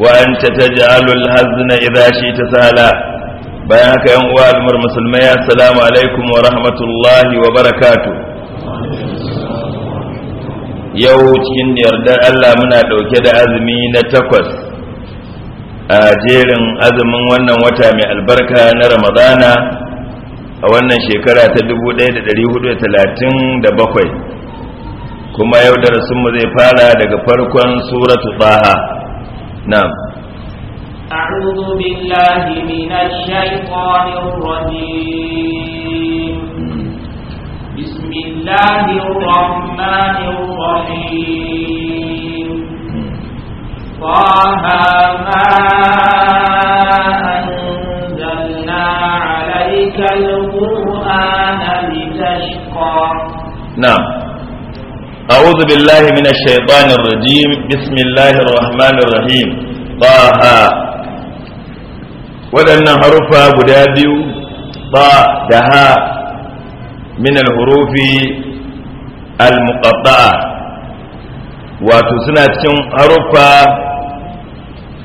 wa anta taj'alul hazna idza ta sala bayan haka yan uwa al'ummar musulmai assalamu alaikum wa rahmatullahi wa barakatuh yau cikin yardar Allah muna ɗauke da azumi na takwas a jerin azumin wannan wata mai albarka na Ramadana a wannan shekara ta 1437 kuma yau da mu zai fara daga farkon suratu tsaha na'am أعوذ بالله من الشيطان الرجيم بسم الله الرحمن الرحيم طه ما أنزلنا عليك القرآن لتشقى نعم أعوذ بالله من الشيطان الرجيم بسم الله waɗannan harufa guda biyu ba da ha min alhurufi almuqatta'a wato suna cikin harufa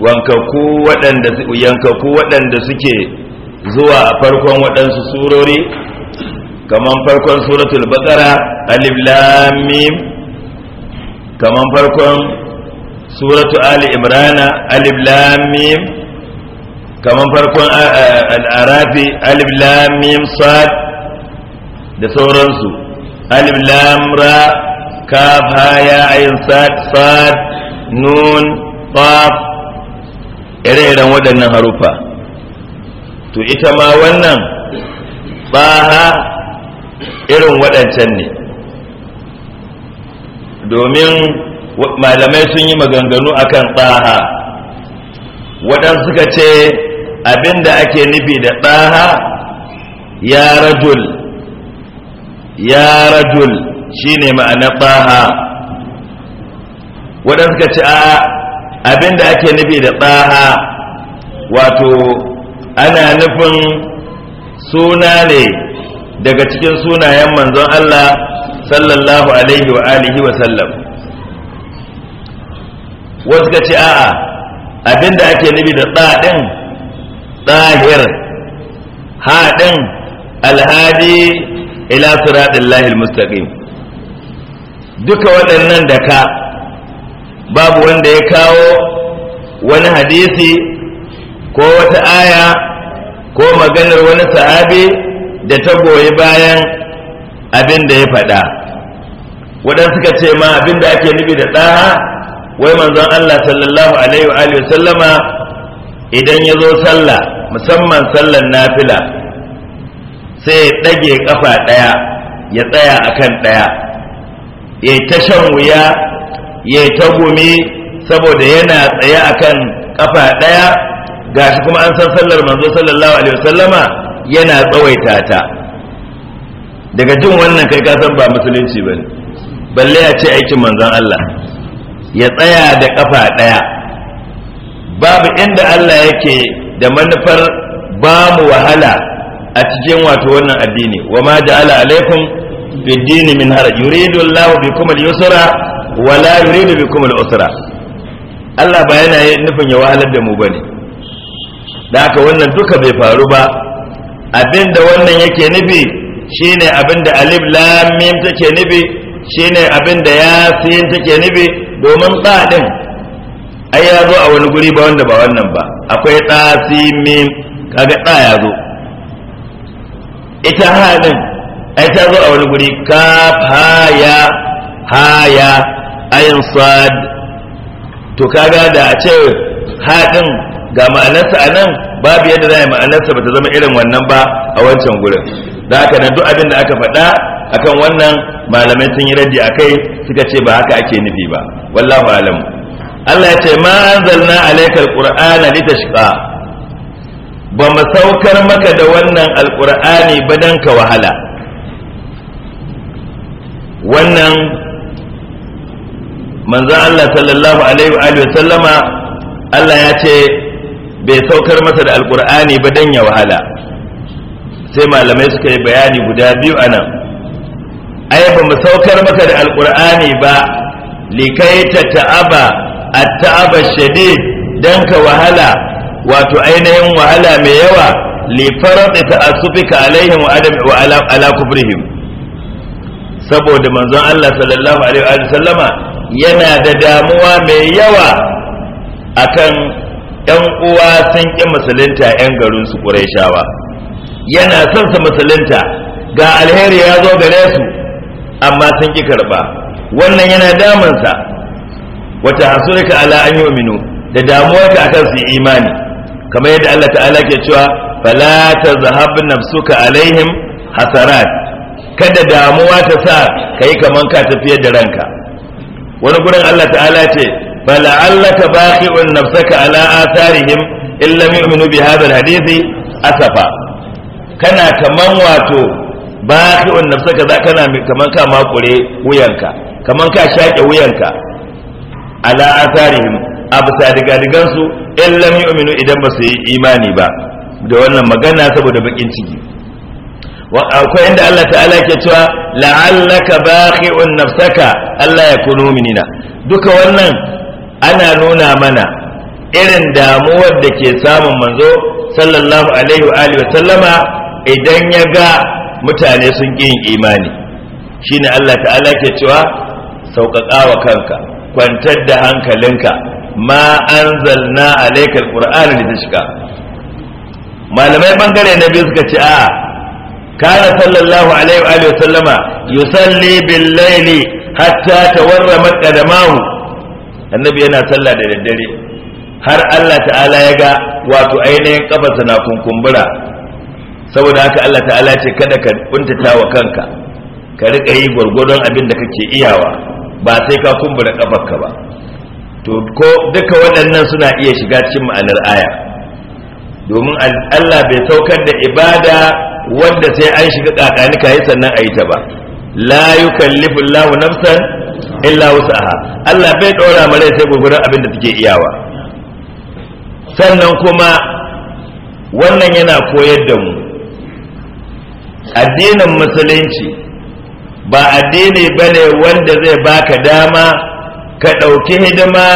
wankaku waɗanda waɗanda suke zuwa a farkon waɗansu surori kamar farkon suratul baqara alif kaman farkon suratu ali imrana alif lam mim kaman farkon al'arafi alif lam mim sad da sauransu alif lam ra kaf ha ya ayin sad sad nun qaf ire-iren waɗannan harufa to ita ma wannan ba irin waɗancan ne domin malamai sun yi maganganu akan ɓaha, waɗansu suka ce abinda ake nufi da tsaha ya rajul ya rajul ne ma'ana tsaha waɗansu suka ce abin abinda ake nufi da tsaha wato ana nufin suna ne daga cikin sunayen manzon Allah sallallahu alaihi wa alihi wa sallam wasu ka ce a'a abinda ake nufi da tsadin tsahir haɗin alhadi ila siratin lahil mustaqim duka waɗannan da ka babu wanda ya kawo wani hadisi ko wata aya ko maganar wani sahabi da ta goyi bayan abin da ya faɗa waɗansu suka ce ma abin da ake nufi da ɗaha wai manzon Allah sallallahu alaihi wa alihi sallama idan ya zo sallah musamman sallar nafila sai ya ɗage ƙafa ɗaya ya tsaya akan ɗaya ya yi ta shan wuya ya yi ta gumi saboda yana tsaye akan ƙafa ɗaya gashi kuma an san sallar manzo sallallahu alaihi wasallama yana tsawaita ta daga jin wannan kai kasan ba musulunci ba ne balle ya ce aikin manzon Allah ya tsaya da kafa ɗaya babu inda Allah yake da manufar ba mu wahala a cikin wato wannan addini wa ma ja'ala alaikum fi dini min haraj yuridu Allah bikum al-yusra wa la yuridu bikum al-usra Allah ba yana nufin ya wahalar da mu bane da haka wannan duka bai faru ba abinda wannan yake nufi shine abinda alif lam mim take nufi shine abinda yasin take nufi domin ba din ai ya zo a wani guri ba wanda ba wannan ba akwai tsasin mim kaga ta ya zo ita ha din ai ta zo a wani guri ya haya ya ayin sad to kaga da a ce ha din ga ma'anarsa anan babu yadda za a yi ma'anarsa ba ta zama irin wannan ba a wancan gurin da haka nan duk abin da aka faɗa akan wannan malamai sun yi raddi akai suka ce ba haka ake nufi ba wallahu alam Allah ya ce ma anzalna alayka alqur'ana litashqa ba mu saukar maka da wannan alqur'ani ba dan ka wahala wannan manzo Allah sallallahu alaihi wa sallama Allah ya ce bai saukar masa da alqur'ani ba dan ya wahala sai malamai suka yi bayani guda biyu anan ai ba mu saukar maka da alqur'ani ba likai ta ta'aba at-ta'aba shadid dan ka wahala wato ainihin wahala mai yawa li farati ta'assufika alaihim wa adam wa ala kubrihim saboda manzon Allah sallallahu alaihi wa sallama yana da damuwa mai yawa akan ɗan uwa sun ƙi musulunta 'yan garinsu ƙurayshawa yana son sa musulunta ga alheri ya zo gare su amma sun ki karba wannan yana damansa wata hasurika ala an da damuwarka akan su imani kamar yadda Allah ta'ala ke cewa fala tazhab nafsuka alaihim hasarat kada damuwa ta sa kai kaman ka tafiyar da ranka wani gurin Allah ta'ala ce fala'allaka baqi'un nafsaka ala atharihim illam yu'minu bi hadha alhadisi asafa kana kaman wato ba ki wannan saka za kana kaman ka makure wuyanka kaman ka shaƙe wuyanka ala atharihim absa diga digan su in lam yu'minu idan ba su yi imani ba da wannan magana saboda bakin ciki akwai inda Allah ta'ala ke cewa la'allaka baqi'un nafsaka Allah ya kunu minina duka wannan ana nuna mana irin damuwar da ke samun manzo sallallahu alaihi wa alihi wa sallama idan ya ga mutane sun ƙi yin imani ne Allah ta'ala ke cewa sauƙaƙa wa kanka kwantar da hankalinka ma anzalna da ta shiga malamai ɓangare na biyu suka ce a kana sallallahu alaihi wa alihi sallama yusalli bil laili hatta tawarramat qadamahu annabi yana sallah da daddare har Allah ta'ala ya ga wato ainihin kafarsa na kunkumbura saboda haka Allah ta'ala ce kada ka kuntata wa kanka ka riƙa yi gwargwadon abin da kake iyawa ba sai ka kumbura kafarka ba to ko duka waɗannan suna iya shiga cikin ma'anar aya domin Allah bai saukar da ibada wanda sai an shiga kakanika yi sannan a yi ta ba la yukallifu Allah nafsan illa wusaha Allah bai ɗora mare sai gwargwadon abin da take iyawa sannan kuma wannan yana koyar da mu addinin musulunci ba addini bane wanda zai baka dama ka ɗauki hidima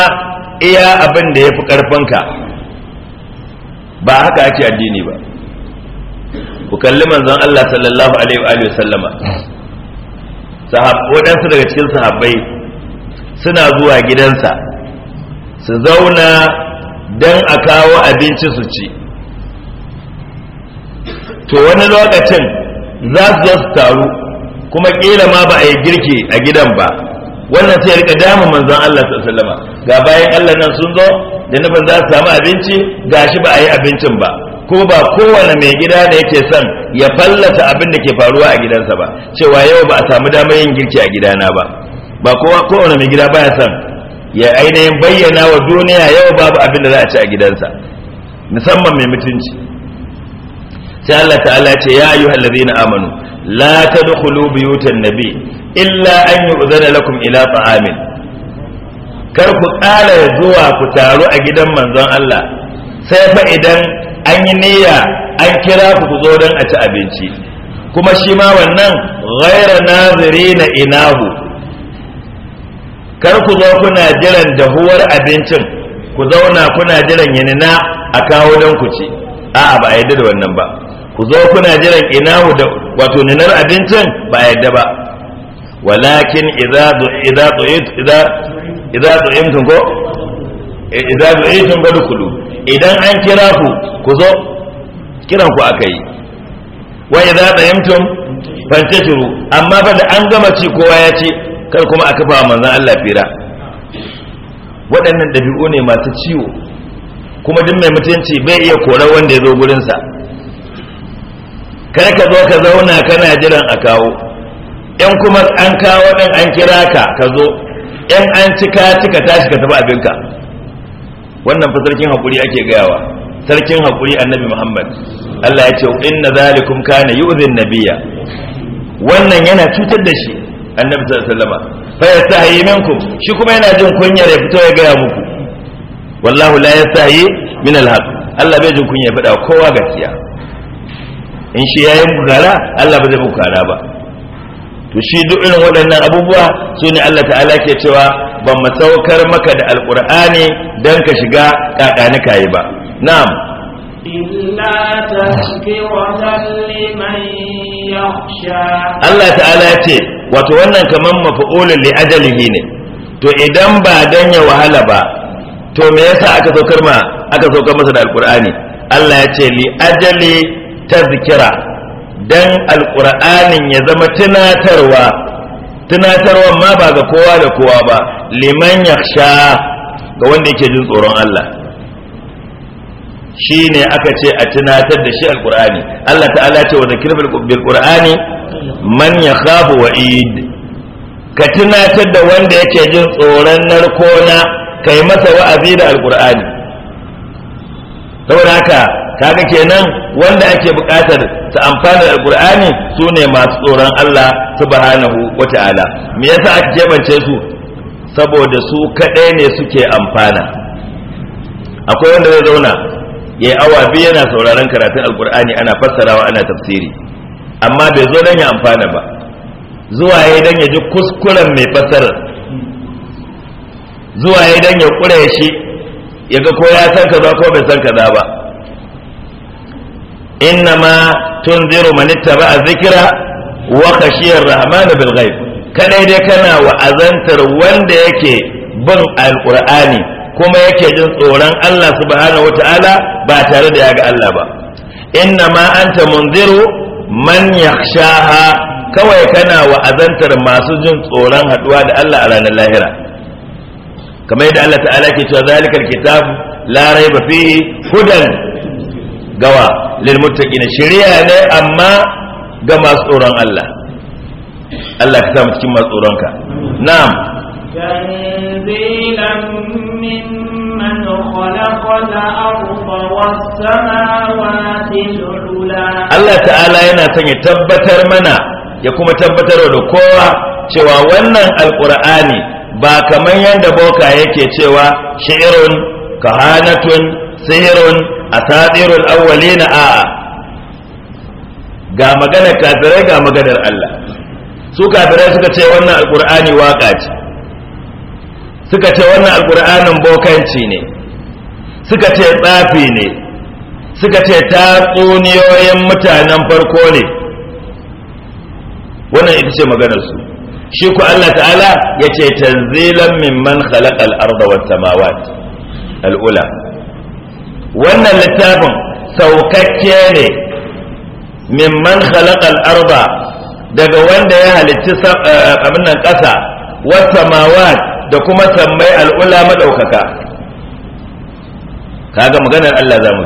iya abin da ya fi ƙarfinka ba haka ake addini ba ku kalli manzon Allah sallallahu alaihi wa sallama waɗansu daga cikin sahabbai suna zuwa gidansa su zauna don a kawo abinci su ci to wani lokacin za su zo su taru kuma kila ma ba a yi girki a gidan ba wannan sai rika damu manzon Allah wasallam ga bayan Allah nan sun zo da ban za su samu abinci ga shi ba a yi abincin ba kuma ba kowane mai gida da yake son ya fallata abin da ke faruwa a gidansa ba cewa yau ba a samu damar yin girki a gidana ba ba kowa kowane mai gida baya son ya ainihin bayyana wa duniya yau babu abin da za a ci a gidansa musamman mai mutunci sai Allah ta'ala ce ya ayyuha allazina amanu la tadkhulu buyutan nabi illa an yu'zana lakum ila ta'amin kar ku tsara zuwa ku taru a gidan manzon Allah sai fa idan an yi niyya an kira ku ku zo don a ci abinci kuma shi ma wannan ghaira na inahu kar ku zo kuna jiran dahuwar abincin ku zauna kuna jiran yanina a kawo don ku ci a'a ba a yadda da wannan ba ku zo kuna jiran ina mu da wato ninar abincin ba yadda ba walakin idza idza idza eh, idza ko idza idan an kira ku ku zo kiran ku akai wa idza tu'imtum fantashiru amma fa da an gama ci kowa ya ce kar kuma a kafa manzon Allah fira waɗannan dabi'u ne masu ciwo kuma duk mai mutunci bai iya korar wanda ya zo gurinsa kar ka zo ka zauna kana jiran a kawo in kuma an kawo din an kira ka ka zo in an cika cika tashi ka tafi abinka wannan fa sarkin hakuri ake gayawa sarkin hakuri annabi muhammad allah ya ce inna zalikum kana yu'zin nabiyya wannan yana cutar da shi annabi sallallahu alaihi wasallam fa yastahi minkum shi kuma yana jin kunya ya fito ya gaya muku wallahu la yastahi min alhaq allah bai jin kunya ya faɗa kowa gaskiya in shi ya yi kara Allah ba zai muku kara ba to shi duk irin waɗannan abubuwa su ne Allah ta'ala ke cewa ban masaukar maka da alƙur'ani don ka shiga ƙaƙani kayi ba na'am Allah ta'ala ce wato wannan kamar mafa'ulun li ajalihi ne to idan ba don ya wahala ba to me yasa aka saukar ma aka saukar masa da alƙur'ani Allah ya ce li ajali tazkira dan alqur'anin ya zama tunatarwa tunatarwa ma ba ga kowa da kowa ba liman yakhsha ga wanda yake jin tsoron Allah shine aka ce a tunatar da shi alqur'ani Allah ta'ala ce wa zakir bil qur'ani man yakhafu wa'id ka tunatar da wanda yake jin tsoron narkona kai masa wa'azi da alqur'ani saboda haka kaga kenan wanda ake buƙatar su amfana da alqur'ani sune masu tsoron Allah subhanahu wata'ala me yasa ake jebance su saboda su kaɗai ne suke amfana akwai wanda zai zauna yayi awa biyu yana sauraron karatun alqur'ani ana fassarawa ana tafsiri amma bai zo dan ya amfana ba zuwa yayi dan ya ji kuskuren mai fassarar zuwa yayi dan ya kure shi yaga ko ya san kaza ko bai san kaza ba innama tun man ittaba'a dhikra wa khashiyar rahmanu bil ghaib kadai dai kana wa'azantar wanda yake bin al'kur'ani kuma yake jin tsoron Allah subhanahu wata'ala ba tare da ya ga Allah ba innama anta munziru man yakhshaha kawai kana wa'azantar masu jin tsoron haduwa da Allah a ranar lahira kamar yadda Allah ta'ala ke cewa zalikal kitab la raiba fihi hudan gawa lilmuttaqina shari'a ne amma ga masu tsoron Allah Allah ka samu cikin masu tsoron ka na'am tanzilan mimman khalaqa al-ardha was-samawati Allah ta'ala yana son ya tabbatar mana ya kuma tabbatar da kowa cewa wannan alqur'ani ba kamar yanda boka yake cewa shi'irun kahanatun sihirun asatirul awwalina a ga maganar kafirai ga maganar Allah su kafirai suka ce wannan alkur'ani waka ce suka ce wannan alkur'anin bokanci ne suka ce tsafi ne suka ce tatsuniyoyin mutanen farko ne wannan ita ce maganarsu shi ku Allah ta'ala ya ce tanzilan mimman khalaqal arda was samawat al'ula wannan littafin saukakke ne mimman khalaqal arba daga wanda ya halicci eh, abin nan ƙasa wata mawat da kuma sammai al'ula maɗaukaka kaga maganar Allah zamu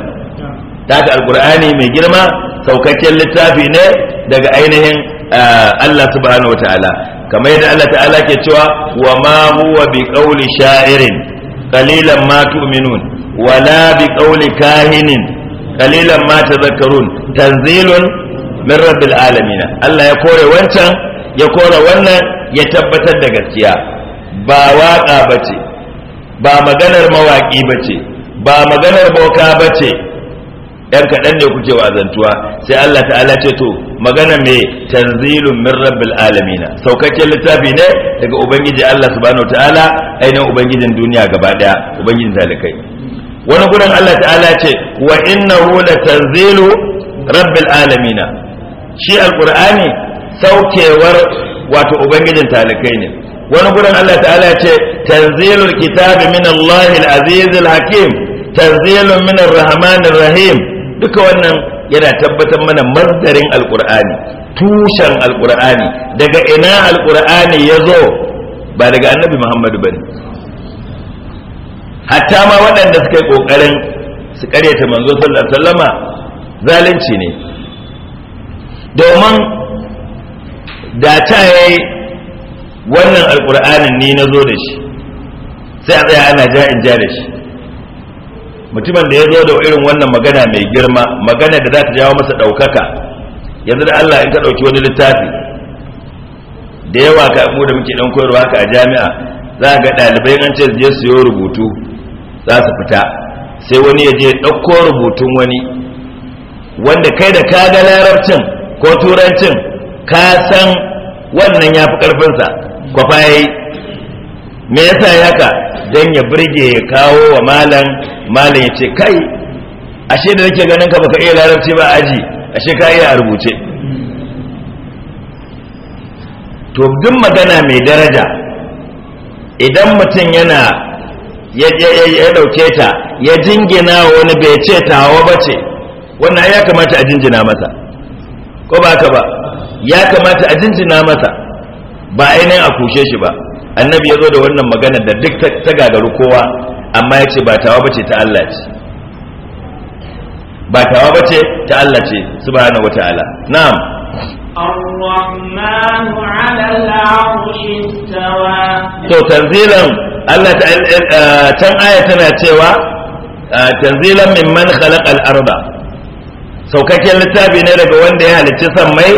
ta alkur'ani mai girma saukakken littafi ne daga ainihin eh, Allah subhanahu wa ta'ala kamar yadda Allah ta'ala ke cewa wa ma huwa bi qawli sha'irin qalilan ma tu'minun wala bi كاهن kahinin ما تذكرون تنزيل من رب العالمين الله Allah ya kore وانا ya kore wannan ya tabbatar da gaskiya ba waka bace ba maganar mawaki bace ba maganar yan kaɗan ne kuke wazantuwa sai Allah ta'ala ce to magana mai tanzilun min rabbil alamina saukakken littafi ne daga ubangiji Allah subhanahu ta'ala ainihin ubangijin duniya gaba ɗaya ubangijin talikai wani gurin Allah ta'ala ce wa innahu latanzilu rabbil alamina. shi alqur'ani saukewar wato ubangijin talikai ne wani gurin Allah ta'ala ce tanzilul kitabi min Allah al-azizul hakim tanzilun min ar-rahmanir rahim duka wannan yana tabbatar mana mazdarin alqur'ani tushen alqur'ani daga ina alqur'ani yazo ba daga annabi Muhammadu bane hatta ma waɗanda suka yi ƙoƙarin su ƙaryata manzo sallallahu alaihi wasallama zalunci ne domin da ta yi wannan alƙur'anin ni na zo da shi sai a tsaya ana ja in ja da shi mutumin da ya zo da irin wannan magana mai girma magana da za ta jawo masa ɗaukaka yanzu da Allah in ka ɗauki wani littafi da yawa ka mu da muke ɗan koyarwa haka a jami'a za a ga ɗalibai an ce su je su yi rubutu za su fita sai wani ya je ɗauko rubutun wani wanda kai da ka ga larabcin ko turancin ka san wannan ya fi ƙarfinsa kwafa ya yi me yasa ya haka don ya birge ya kawo wa malam malam ya ce kai ashe da nake ganin ka baka iya larabci ba aji ashe ka iya a rubuce to duk magana mai daraja idan mutum yana ya dauke ta ya jingina wani bai ce hawa ba ce wannan ya kamata a jinjina masa ko ba ka ba ya kamata a jinjina masa ba ainihin a kushe shi ba annabi ya zo da wannan magana da duk ta gagaru kowa amma ya ce ba ta hawa ba ce ta Allah ce ba hawa ba ce ta Allah ce wata ala na'am الرحمن على العرش استوى تو تنزيلا Allah eh, eh, eh, can aya tana cewa tanzilan mimman khalaqa al-arda saukakken littafi ne daga wanda ya halicci sammai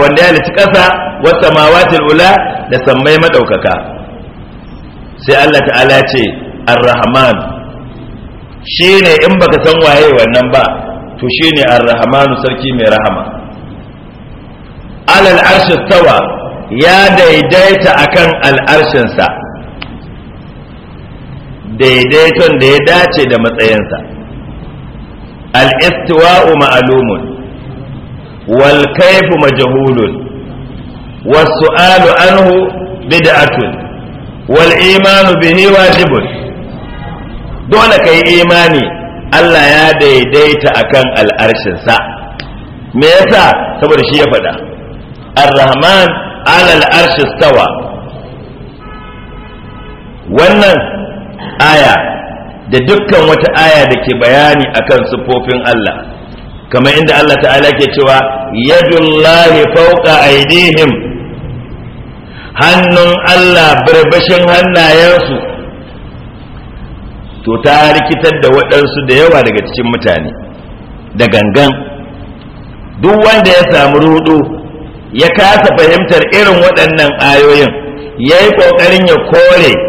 wanda ya halicci ƙasa wata mawatil ula da sammai madaukaka sai Allah ta'ala ce ar-rahman shine in baka san waye wannan ba to shine ar-rahmanu sarki mai rahama alal arshi tawa ya daidaita akan al'arshinsa daidaiton da ya dace da matsayinsa al-istiwa'u ma'lumun wal kayfu majhulun anhu bid'atun wal imanu bihi wajibun dole yi imani Allah ya daidaita akan al'arshinsa me yasa saboda shi ya faɗa ar-rahman ala al-arshi stawa wannan aya da dukkan wata aya da ke bayani akan siffofin Allah kamar inda Allah ta'ala ke cewa yadullahi fauka aidihim hannun Allah barbashin hannayensu to ta rikitar da waɗansu da yawa daga cikin mutane da gangan duk wanda ya samu rudu ya kasa fahimtar irin waɗannan ayoyin ya yi ƙoƙarin ya kore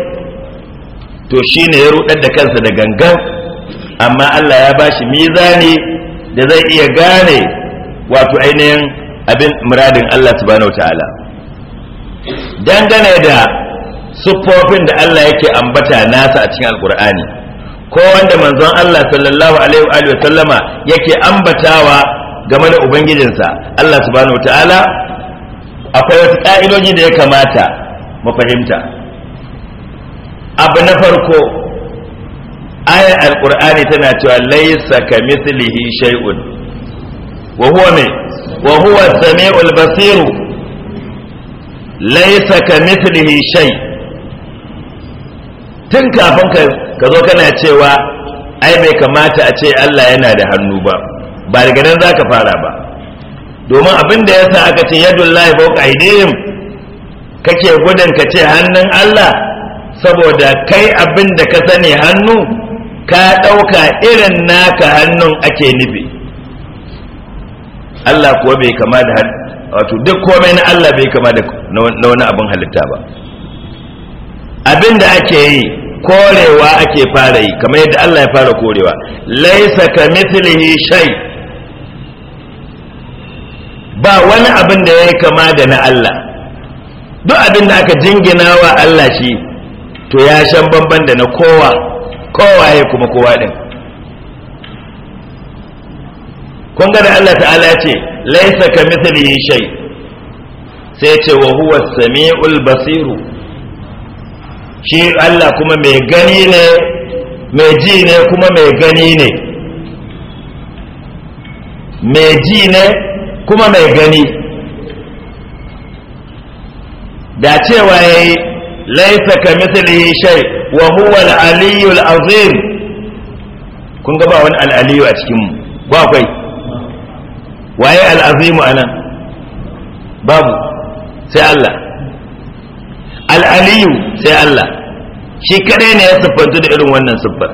to shi ne ya rudar da kansa da gangan amma Allah ya bashi mizani da zai iya gane wato ainihin abin muradin Allah subhanahu ta'ala dangane da siffofin da Allah yake ambata nasa a cikin alkur'ani ko wanda manzon Allah sallallahu alaihi wa sallama yake ambatawa game da ubangijinsa Allah subhanahu ta'ala akwai wasu ka'idoji da ya kamata mu fahimta abu na farko ayar alkur'ani tana cewa laisa ka mislihi shay'un wa huwa me wa huwa samiul basir laisa ka mislihi shay tun kafin ka zo kana cewa ai bai kamata a ce Allah yana da hannu ba ba daga nan zaka fara ba domin abin da yasa aka ce yadullahi fawqa aydihim kake gudun ka ce hannun Allah saboda kai abin da ka sani hannu ka ɗauka irin naka hannun ake nufi Allah kuwa bai kama da wato duk komai na Allah bai kama da na wani abin halitta ba abin da ake yi korewa ake fara yi kamar yadda Allah ya fara korewa laisa ka mithlihi shay ba wani abin da ya kama da na Allah duk abin da aka jingina wa Allah shi to ya shan bamban da na kowa kowa ya kuma kowa din kun ga da Allah ta'ala ce laisa ka mithlihi shai. sai ce wa huwa samiul basiru shi Allah kuma mai gani ne mai ji ne kuma mai gani ne mai ji ne kuma mai gani da cewa yayi laisa ka mithlihi shay wa huwa al-aliyyu al kun ga ba wani al a cikin mu ba akwai waye al-azim anan babu sai Allah al-aliyyu sai Allah shi kadai ne ya siffanta da irin wannan siffar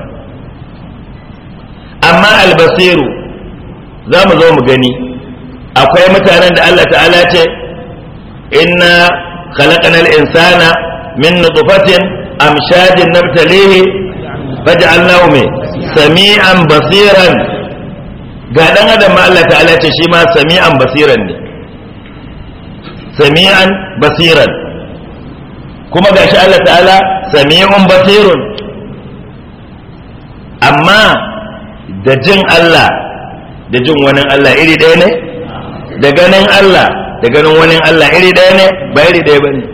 amma albasiru za mu zo mu gani akwai mutanen da Allah ta'ala ce inna khalaqanal insana min nutfatin amshajin nabtalihi faj'alnahu me sami'an basiran ga dan adam ma Allah ta'ala ce shi sami'an basiran ne sami'an basiran kuma gashi Allah ta'ala sami'un basirun amma da jin Allah da jin wani Allah iri ɗaya ne da ganin Allah da ganin wani Allah iri ɗaya ne ba iri ɗaya ba ne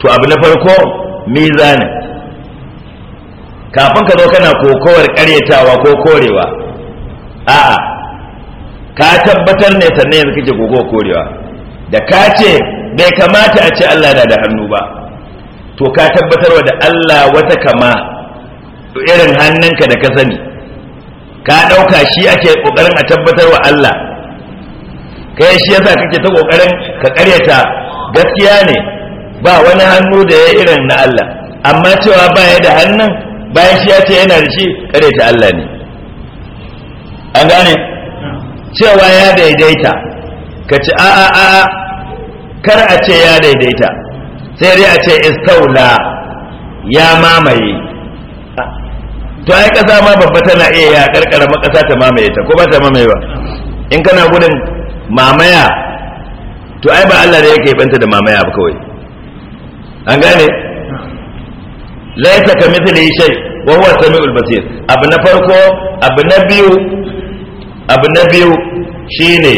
to abu na farko mizanin kafin ka zo kana kokowar karyatawa ko korewa a'a ka tabbatar ne sannan yanzu kake kokowa korewa da ka ce bai kamata a ce Allah na da hannu ba to ka tabbatarwa da Allah wata kama irin hannunka da ka sani ka ɗauka shi ake ƙoƙarin a tabbatarwa Allah kai shi yasa kake ta ƙoƙarin ka karyata gaskiya ne ba wani hannu da ya irin na Allah amma cewa ba ya da hannun bayan shi ya ce yana da shi kare ta Allah ne an gane cewa ya daidaita ka ci a'a a'a kar a ce ya daidaita sai dai a ce istaula ya mamaye to ai kasa ma babba tana iya ya karkara makasa ta mamaye ta ko ba ta mamaye ba in kana gudun mamaya to ai ba Allah da yake banta da mamaya ba kawai an gane laisa ka mithli shay wa huwa samiul basir abu na farko abu na biyu abu na biyu shine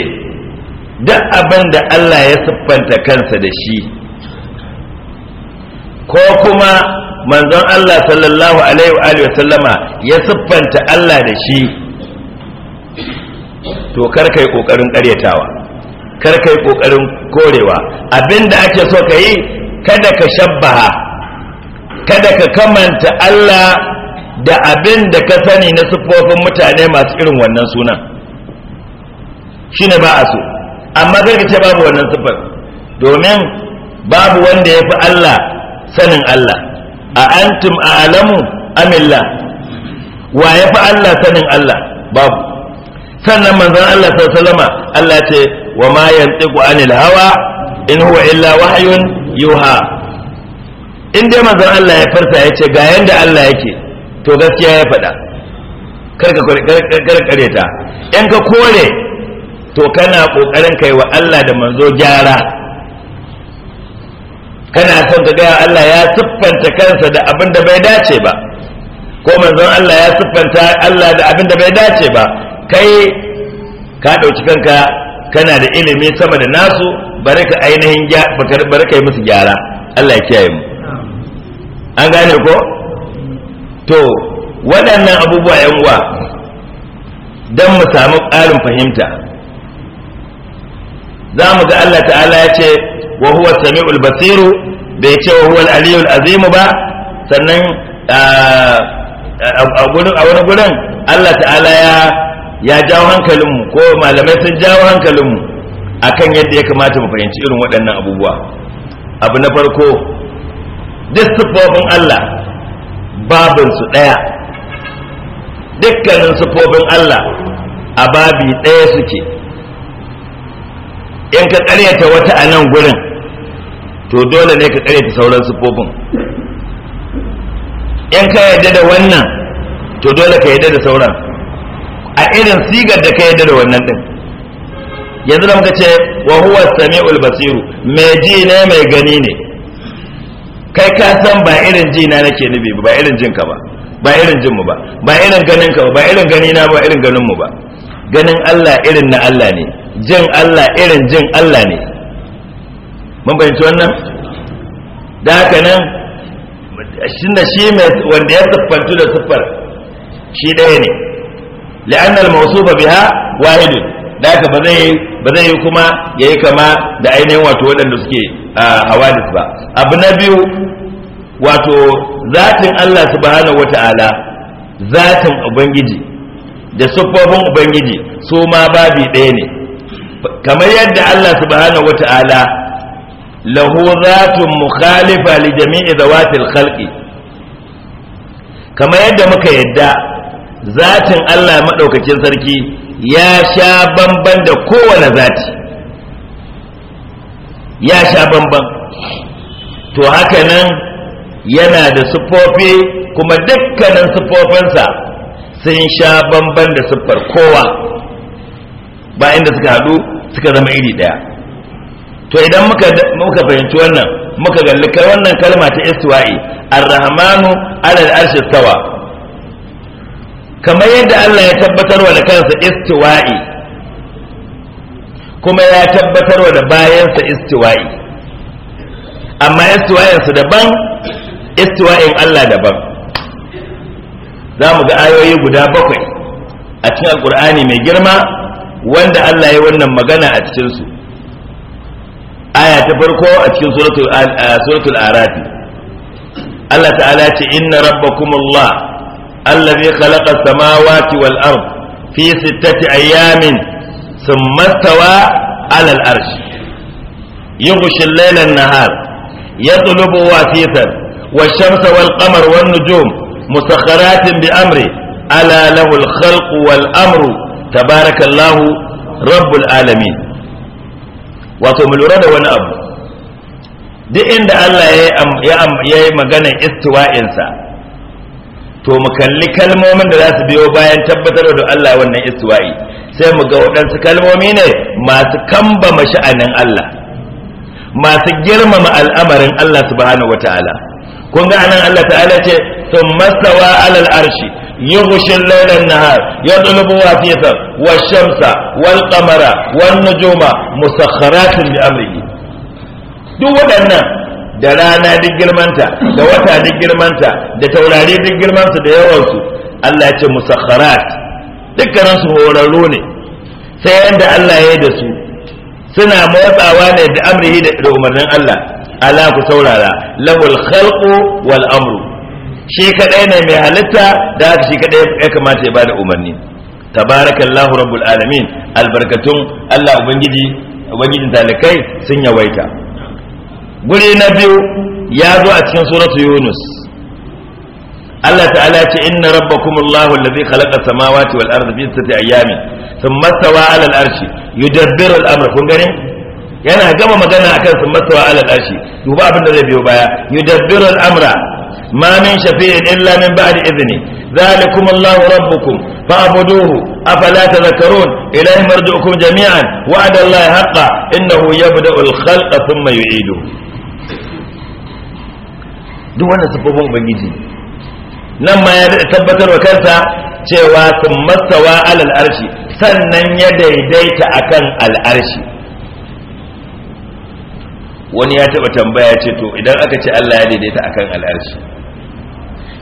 duk abin da Allah ya siffanta kansa da shi ko kuma manzon Allah sallallahu alaihi wa sallama ya siffanta Allah da shi to kar yi kokarin karyatawa kar yi kokarin korewa abinda ake so ka yi kada ka shabbaha kada ka kamanta Allah da abin da ka sani na siffofin mutane masu irin wannan sunan ne ba a so amma zai ce babu wannan siffar domin babu wanda ya fi Allah sanin Allah a antum a alamu amillah wa ya fi Allah sanin Allah babu sannan manzan Allah sallama Allah ce wa ma yantiqu anil hawa in huwa illa wahayun yuha in dai manzon Allah ya farsa ya ce ga yanda Allah yake to gaskiya ya faɗa karka ta, in ka kore to kana kokarin kai wa Allah da manzo gyara kana son ka gaya Allah ya siffanta kansa da abin da bai dace ba ko manzon Allah ya siffanta Allah da abin da bai dace ba kai ka ɗauki kanka kana da ilimi sama da nasu bari ka ainihin bari ka yi musu gyara Allah ya kiyaye mu an gane ko to waɗannan abubuwa yan uwa don mu samu ƙarin fahimta za mu ga Allah ta'ala ya ce wa huwa sami'ul basiru bai ce wa huwa aliyul azimu ba sannan a wani gurin Allah ta'ala ya jawo hankalinmu ko malamai sun jawo hankalinmu akan yadda ya kamata mu fahimci irin waɗannan abubuwa abu na farko duk siffofin Allah babin su ɗaya dukkanin siffofin Allah a babi ɗaya suke in ka ƙaryata wata a nan gurin to dole ne ka ƙaryata sauran siffofin in ka yarda da wannan to dole ka yarda da sauran a irin sigar da ka yarda da wannan ɗin yanzu da muka ce wa huwa sami'ul basiru mai ji ne mai gani ne kai ka san ba irin ji na nake nubi ba irin jin ka ba ba irin jin mu ba ba irin ganin ka ba ba irin gani na ba irin ganin mu ba ganin Allah irin na Allah ne jin Allah irin jin Allah ne mun bayyana wannan da haka nan da shi mai wanda ya siffantu da siffar shi ɗaya ne la'annal mawsufa biha wahidun da haka ba zai ba zai yi kuma ya yi kama da ainihin wato waɗanda suke a hawadis ba abu na biyu wato zatin Allah subhanahu wata'ala zatin ubangiji da siffofin ubangiji su ma babi ɗaya ne kamar yadda Allah subhanahu wata'ala lahu mu mukhalifa li jami'i zawatil khalqi kamar yadda muka yadda zatin Allah maɗaukacin sarki ya sha bamban da kowane zati ya sha bamban to haka nan yana da sufofi, kuma dukkanin sufofinsa sun sha bamban da siffar kowa bayan da suka haɗu suka zama iri ɗaya to idan muka fahimci wannan muka galli wannan kalma ta istiwa'i arrahmanu ala alal arshi tawa kamar yadda Allah ya tabbatar wa da kansa istiwa'i kuma ya tabbatar wa da bayansa istiwa'i amma istiwa'insu daban istiwa'in Allah daban za mu ga ayoyi guda bakwai a cikin alkur'ani mai girma wanda Allah ya wannan magana a cikinsu aya ta farko a cikin suratul arafi Allah ta'ala ce inna rabbakumullah allazi khalaqa samawati wal ard fi sittati ayamin thumma stawa ala al arsh yughshi al-layla an-nahar yatlubu wasifan wash-shamsa wal-qamar wan-nujum musakhkharatin bi amri ala lahu al-khalqu wal-amru tabarakallahu rabbul alamin wato mu lura da wani abu duk inda Allah ya yi maganar istiwa'insa to mu kalli kalmomin da za su biyo bayan tabbatar da Allah wannan istiwa'i sai mu ga waɗansu kalmomi ne masu kamba sha'anin Allah masu girmama al'amarin Allah subhanahu wataala kun ga anan Allah ta'ala ce sun stawa 'alal arshi يغشي الليل النهار يطلب وافية والشمس والقمر والنجوم مسخرات بأمره duk waɗannan da rana duk girmanta da wata duk girmanta da taurari duk girmansu da yawansu Allah ya ce musakharat dukkanin su horarru ne sai yanda Allah ya yi da su suna motsawa ne da amrihi da umarnin Allah ala ku saurara lahul khalqu wal amru shi kadai ne mai halitta da haka shi kadai ya kamata ya bada umarni tabarakallahu rabbul alamin albarkatun Allah ubangiji ubangijin talikai sun yawaita guri na biyu ya zo a cikin suratu yunus Allah ta'ala ce inna rabbakumullahu allazi khalaqa samawati wal arda fi sittati ayyamin thumma stawa 'ala al-arshi yudabbiru al-amra kun gani yana gama magana akan thumma stawa 'ala al-arshi duba abin da zai biyo baya yudabbiru al-amra ma min shafi'in illa min ba'di idni ذلكم الله ربكم فاعبدوه أفلا تذكرون إليه مرجعكم جميعا وعد الله حقا إنه يبدأ الخلق ثم يعيده duk wannan siffofin ubangiji nan ma ya tabbatar wa kansa cewa sun matsawa alal arshi sannan ya daidaita akan al'arshi wani ya taba tambaya ce to idan aka ce Allah ya daidaita akan al'arshi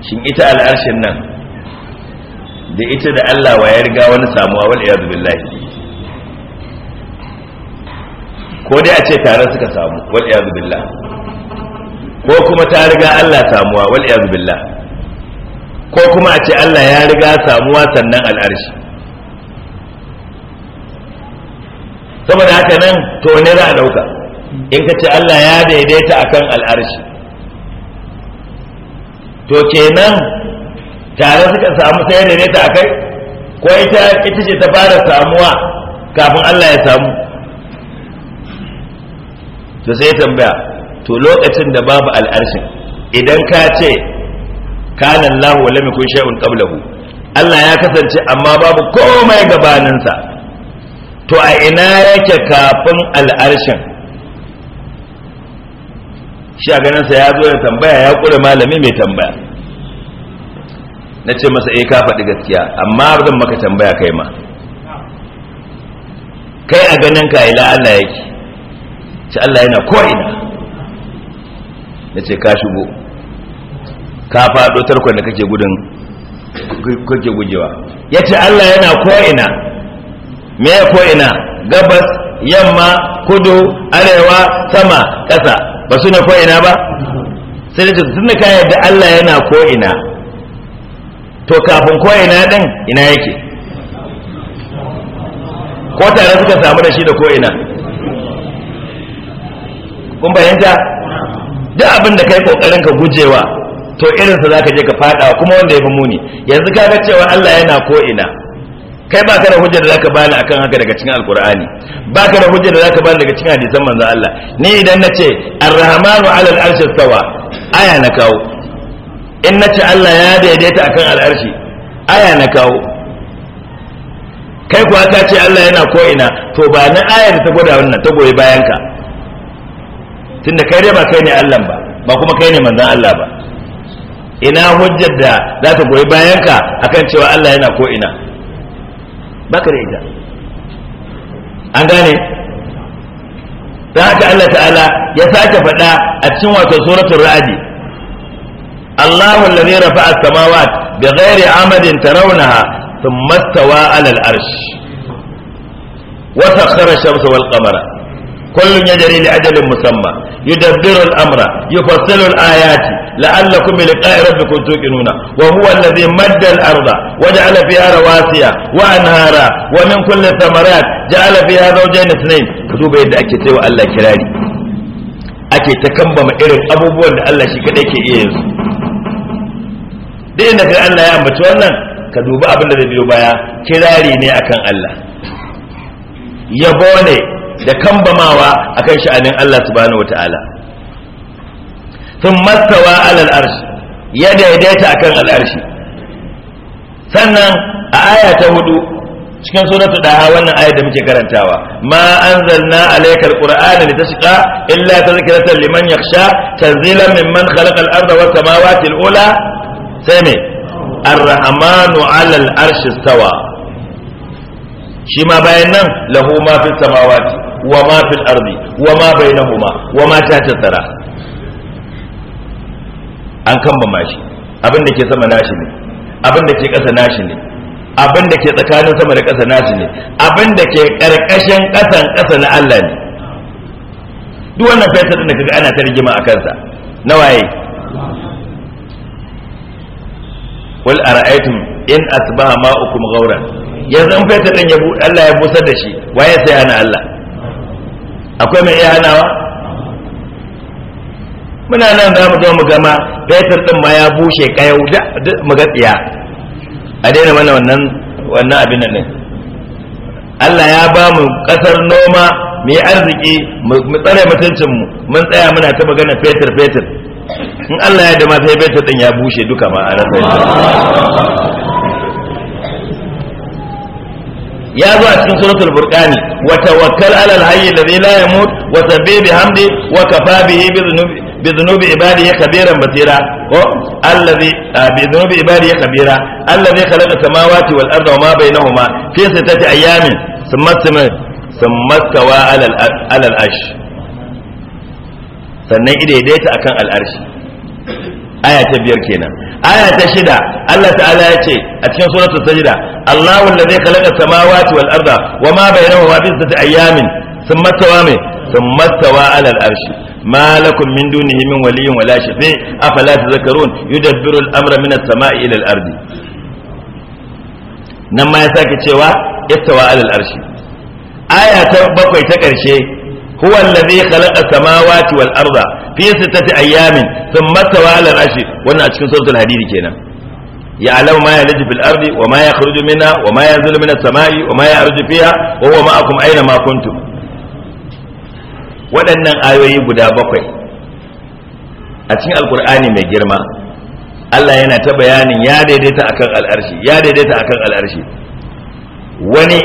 shin ita al'arshin nan da ita da Allah wa ya riga wani samuwa wal iyad billahi ko dai a ce tare suka samu wal iyad billahi ko kuma ta riga Allah samuwa wal billah ko kuma a ce Allah ya riga samuwa sannan al'arshi saboda haka nan to ne za a dauka in ka ce Allah ya daidaita akan al'arshi to kenan tare suka samu sai daidaita akai ko ita ita ce ta fara samuwa kafin Allah ya samu to sai tambaya to lokacin da babu al'arshin idan ka ce kanan lahu wa lami kun shay'un qablahu Allah ya kasance amma babu komai gabaninsa to a ina yake kafin al'arshin shi a ganinsa ya zo ya tambaya ya kure malami mai tambaya na ce masa eh ka faɗi gaskiya amma zan maka tambaya kai ma kai a ganin ka ila Allah yake ci Allah yana ko'ina na ce ka shigo ka faɗo tarkon da kake gudun kake gujewa ya allah yana ko'ina me ya ko'ina gabas yamma kudu arewa sama ƙasa ba su ne ko'ina ba sai da tun ka yadda allah yana ko'ina to kafin ko'ina ɗin ina yake ko tare suka samu da shi da ko'ina kun bayanta duk abin da kai kokarin ka gujewa to irin sa zaka je ka fada kuma wanda ya fi muni yanzu ka ga cewa Allah yana ko ina kai ba ka da hujjar da zaka bani akan haka daga cikin alkur'ani ba ka da hujjar da zaka bani daga cikin hadisan manzo Allah ni idan nace ar-rahmanu 'ala al-arshi sawa aya na kawo in nace Allah ya daidaita akan al aya na kawo kai kuwa ka ce Allah yana ko ina to ba na ayar ta gwada wannan ta goyi bayan ka tunda kai dai ba kai ne Allah ba ba kuma kai ne manzon Allah ba ina hujjar da za ta goyi bayanka akan cewa Allah yana ko ina baka da ita an gane da haka Allah ta'ala ya sake faɗa a cikin wato suratul ra'di Allahu alladhi rafa'a as-samawati bighairi 'amadin tarawnaha thumma istawa 'ala al-'arsh wa sakhkhara ash-shamsa wal-qamara kullun yajri li ajalin musamma yudabbiru al-amra yufassilu al-ayati la'allakum bi liqa'i rabbikum tuqinuna wa huwa alladhi madda al-arda wa ja'ala fiha rawasiya wa anhara wa min kulli thamarat ja'ala fiha zawjayn ithnayn duba yadda ake cewa Allah kirari ake ta kambama irin abubuwan da Allah shi kaɗai ke iya yanzu duk inda kai Allah ya ambaci wannan ka duba abin da zai biyo baya kirari ne akan Allah yabo ne da kambamawa akan sha'anin Allah subhanahu wataala sun mastawa alal arshi ya daidaita akan al'arshi sannan a aya ta hudu cikin suratul daha wannan aya da muke karantawa ma anzalna alaykal qur'ana litashqa illa tadhkiratan liman yakhsha tanzilan mimman khalaqa al-arda was samawati al-ula sai ar-rahmanu alal arshi stawa shi ma bayan nan lahu ma fi samawati wa ma fil ardi wa ma bainahuma wa ma tahta thara an kambama shi abin da ke sama nashi ne abin da ke ƙasa nashi ne abin da ke tsakanin sama da ƙasa nashi ne abin da ke ƙarƙashin ƙasan ƙasa na Allah ne duk wannan faisal da kaga ana ta a kansa na waye wal ara'aytum in asbaha ma'ukum ghawran yanzu an faisal din Allah ya busar da shi waye sai ana Allah akwai mai iya hanawa muna nan za mu zo mu gama fetur ɗin ma ya bushe kayau mu ga a daina mana wannan wannan abin nan Allah ya ba mu kasar noma mu yi arziki mu tsare mutuncin mu mun tsaya muna ta magana fetur fetur in Allah ya da ma sai fetur ɗin ya bushe duka ma a rasa ya zo a cikin suratul burqani wa tawakkal alal hayy alladhi la yamut wa sabbi bihamdi wa kafa bihi bi dhunubi ibadihi khabiran basira ko alladhi ah, bi dhunubi ibadihi khabira alladhi khalaqa samawati wal arda wa ma bainahuma fi sittati ayamin thumma thumma stawa alal alal arsh sannan idaidaita akan al aya ta biyar kenan aya ta shida Allah ta'ala ya ce a cikin suratul sajda Allahu allazi khalaqa samawati wal arda wama bainahuma bi sittati ayamin thumma tawa mai thumma tawa ala al arshi ma lakum min dunihi min waliyyin wala shafi afala tadhakkarun yudabbiru al amra min as sama'i ila al ardi nan ma ya sake cewa istawa ala al arshi aya ta bakwai ta karshe هو الذي خلق السماوات والأرض في ستة أيام ثم استوى على العرش وانا أشكن سورة الحديد كينا يعلم ما يلج في الأرض وما يخرج منها وما ينزل من السماء وما يعرج فيها وهو معكم أينما كنتم waɗannan ayoyi guda bakwai a cikin alkur'ani mai girma Allah yana ta bayanin ya daidaita akan al'arshi ya daidaita akan al'arshi wani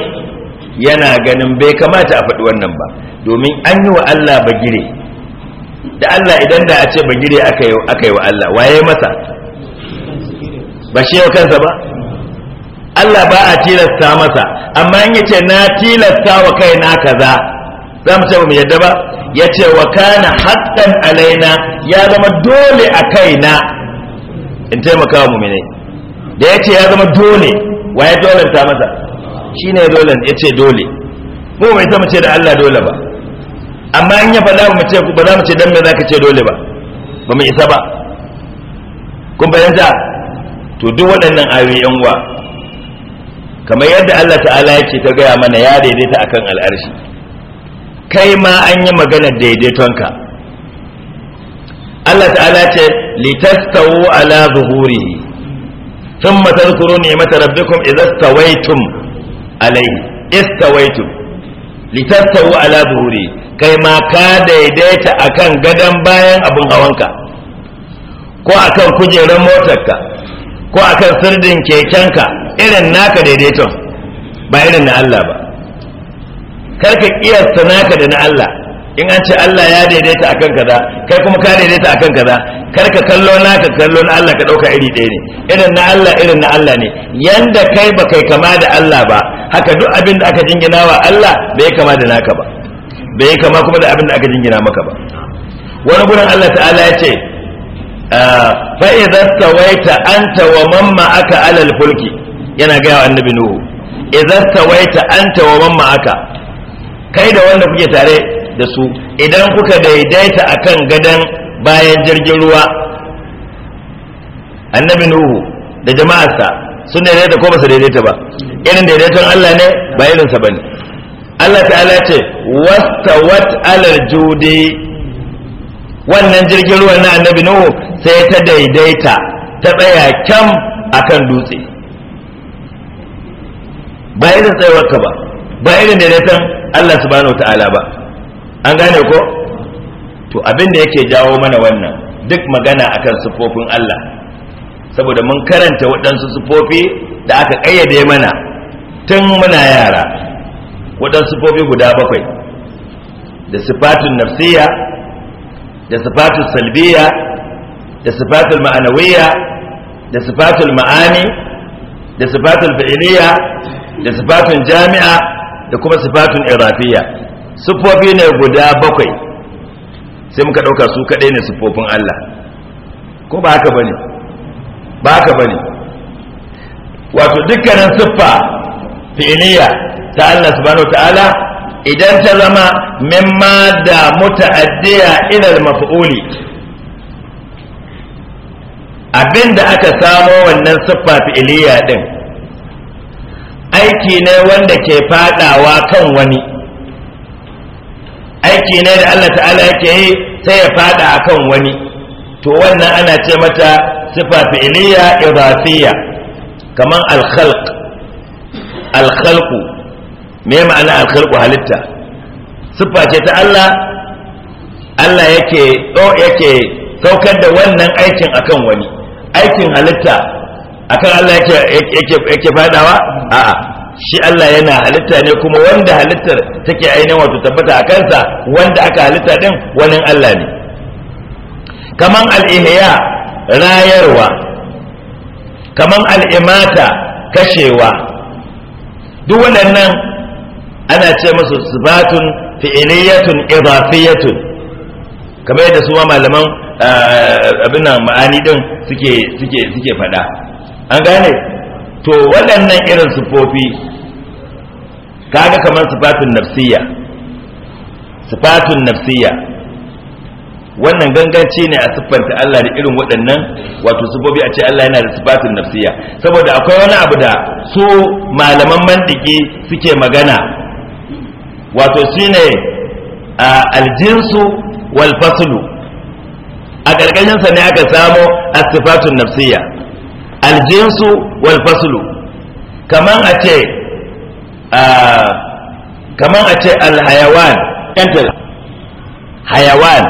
yana ganin bai kamata a faɗi wannan ba domin an yi wa Allah bagire da Allah idan da a ce bagire aka yi wa Allah waye masa ba shi yau kansa ba Allah ba a tilasta masa amma in yace na tilasta wa kaina kaza za mu ce mu yadda ba ya ce wa kana haƙƙan alaina ya zama dole a kaina in taimaka mu mene da ya ce ya zama dole wa ya ta masa shi ne yace ce dole mu mai ta mace da Allah dole ba amma in ya faɗa mu ce ba za mu ce dan me zaka ce dole ba ba mu isa ba kun bayyana to duk waɗannan ayoyi yan uwa kamar yadda Allah ta'ala yake ta gaya mana ya daidaita akan al'arshi kai ma an yi magana daidaitonka Allah ta'ala ce litastawu ala zuhurihi thumma tadhkuru ni'mata rabbikum idha istawaytum alayhi istawaytum litattawu ala buhuri kai ma ka daidaita akan gadon bayan abin hawanka ko akan kujerar motarka ko akan sirdin kekenka irin naka daidaiton ba irin na Allah ba karka iya naka da na Allah in an ce Allah ya daidaita a kan kaza kai kuma ka daidaita kan kaza kar ka kallo na ka kallo na Allah ka dauka iri ɗaya ne irin na Allah irin na Allah ne yanda kai ba kai kama da Allah ba haka duk abin da aka jingina wa Allah bai kama da naka ba bai kama kuma da abin da aka jingina maka ba wani gurin Allah ta'ala ya ce ah, fa idza tawaita anta wa alal fulki yana wa annabi nuhu idza tawaita anta wa mamma aka kai da wanda kuke tare da su idan kuka daidaita a kan gadon bayan jirgin ruwa annabi nuhu da jama'arsa sun daidaita ko ba su daidaita ba irin daidaiton Allah ne ba irinsa ba ne Allah ta'ala ce wata alal jude wannan jirgin ruwan na annabi nuhu sai ta daidaita ta tsaya kyam akan dutse ba irin tsayawar ka ba ba irin daidaiton Allah subhanahu ta'ala ba an gane ko to abin da yake jawo mana wannan duk magana akan sufofin Allah saboda mun karanta waɗansu sufofi da aka ƙayyade mana tun muna yara waɗansu sufofi guda bakwai da sifatun nafsiya da sifatun salbiya da sifatun ma'anawiyya, da sifatun ma'ani da sifatun fa'iliya da sifatun jami'a da kuma sifatun irafiya sufofi ne guda bakwai sai muka ɗauka su kaɗai ne sufofin Allah ko ba haka bane ba haka bane wato dukkanin siffa filiya ta Allah subhanahu ta'ala idan ta zama mimma da muta'addiya ila al-maf'uli abinda aka samo wannan siffa filiya din aiki ne wanda ke fadawa kan wani aiki ne da Allah ta'ala yake yi sai ya fada akan wani to wannan ana ce mata sifa fi'liya idafiyya kaman al-khalq al khalq me ma'ana al khalq halitta sifa ce ta Allah Allah yake do yake saukar da wannan aikin akan wani aikin halitta akan Allah yake yake yake fadawa a'a shi Allah yana halitta ne kuma wanda halittar take ainihin wato tabbata a kansa wanda aka halitta din wani Allah ne kaman al’ihiya rayarwa kaman al'imata kashewa duk waɗannan ana ce musu sibatun fi'iliyatun idafiyatun kamar yadda su malaman eh, abin nan ma'ani din suke fada faɗa an gane to waɗannan irin sufofi kaga kamar sifatun nafsiya sifatun nafsiya wannan ganganci ne a siffanta Allah da irin waɗannan wato sufofi a ce Allah yana da sifatun nafsiya saboda akwai wani abu da su malaman mantiki suke magana wato shine aljinsu walfasulu, a ƙarƙashinsa ne aka samo asifatun nafsiyya. aljinsu wal faslu kaman a ce kaman a ce alhayawan hayawan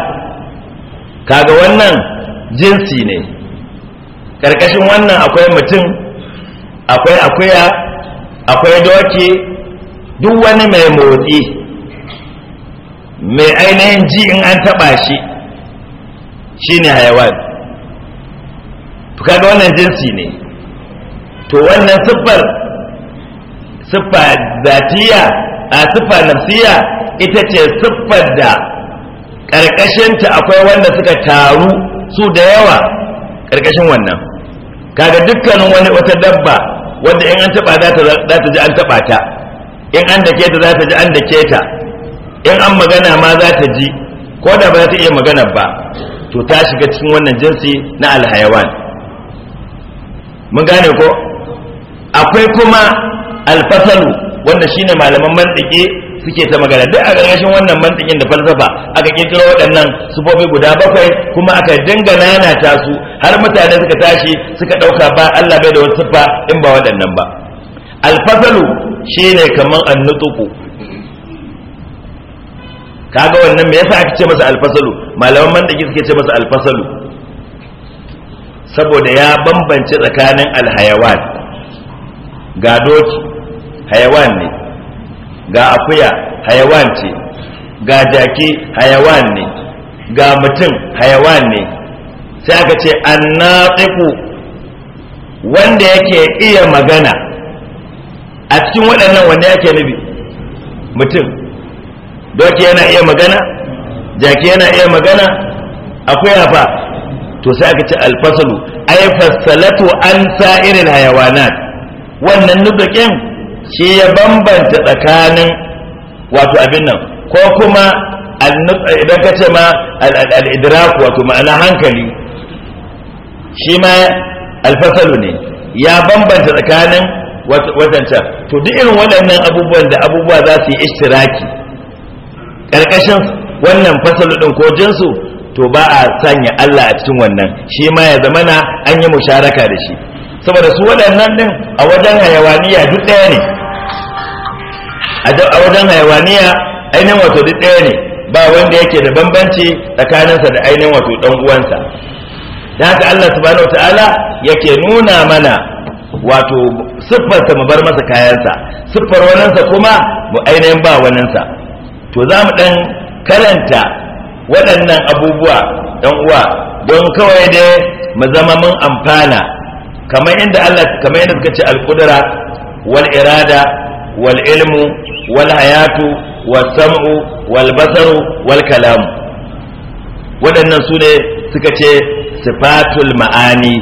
kaga wannan jinsi ne ƙarƙashin wannan akwai mutum akwai akuya akwai doki duk wani mai motsi mai ainihin ji in an taɓa shi shine hayawan to kaga wannan jinsi ne to wannan siffar siffa zatiya a siffa nafsiya ita ce siffar da ƙarƙashinta akwai wanda suka taru su da yawa ƙarƙashin wannan kaga dukkanin wani wata dabba wanda in an taɓa za ta ji an taɓa ta in an dake ta za ta ji an dake ta in an magana ma za ta ji ko da ba za ta iya magana ba to ta shiga cikin wannan jinsi na alhayawan mun gane ko akwai kuma alfasalu wanda shine malaman mantiki suke ta magana duk a gargashin wannan mantikin da falsafa aka kirkiro waɗannan sufofi guda bakwai kuma aka dinga nanata su har mutane suka tashi suka ɗauka ba Allah bai da wani siffa in ba waɗannan ba alfasalu shine kamar annutuku kaga wannan me yasa aka ce masa alfasalu malaman mantiki suke ce masa alfasalu saboda ya bambance tsakanin alhayawan ga doki hayawan ne ga akuya hayawan ce ga jaki hayawan ne ga mutum hayawan ne sai aka ce annaqiqu wanda yake iya magana a cikin waɗannan wanda yake nubi mutum doki yana iya magana jaki yana iya magana akuya fa to sai aka ce alfasalu ai fassalatu an sa'irin hayawanat wannan nutukin shi ya bambanta tsakanin wato abin nan ko kuma idan ka ce ma al'idrak wato ma'ana hankali shi ma alfasalu ne ya bambanta tsakanin watancan to duk irin waɗannan abubuwan da abubuwa za su yi ishtiraki ƙarƙashin wannan fasalu ɗin ko jinsu to ba a sanya Allah a cikin wannan shi ma ya zama na an yi musharaka da shi saboda su waɗannan din a wajen hayawaniya duk ɗaya ne a wajen hayawaniya ainihin wato duk ɗaya ne ba wanda yake da bambanci tsakaninsa da ainihin wato ɗan uwansa da haka Allah subhanahu wataala yake nuna mana wato ta mu bar masa kayansa siffar waninsa kuma mu ainihin ba waninsa to za mu ɗan karanta waɗannan abubuwa ɗan uwa don kawai dai mu zama mun amfana kamar inda Allah kamar yadda suka ce alƙudura wal irada wal ilmu wal hayatu wal sam'u wal basaru wal kalamu waɗannan su ne suka ce sifatul ma'ani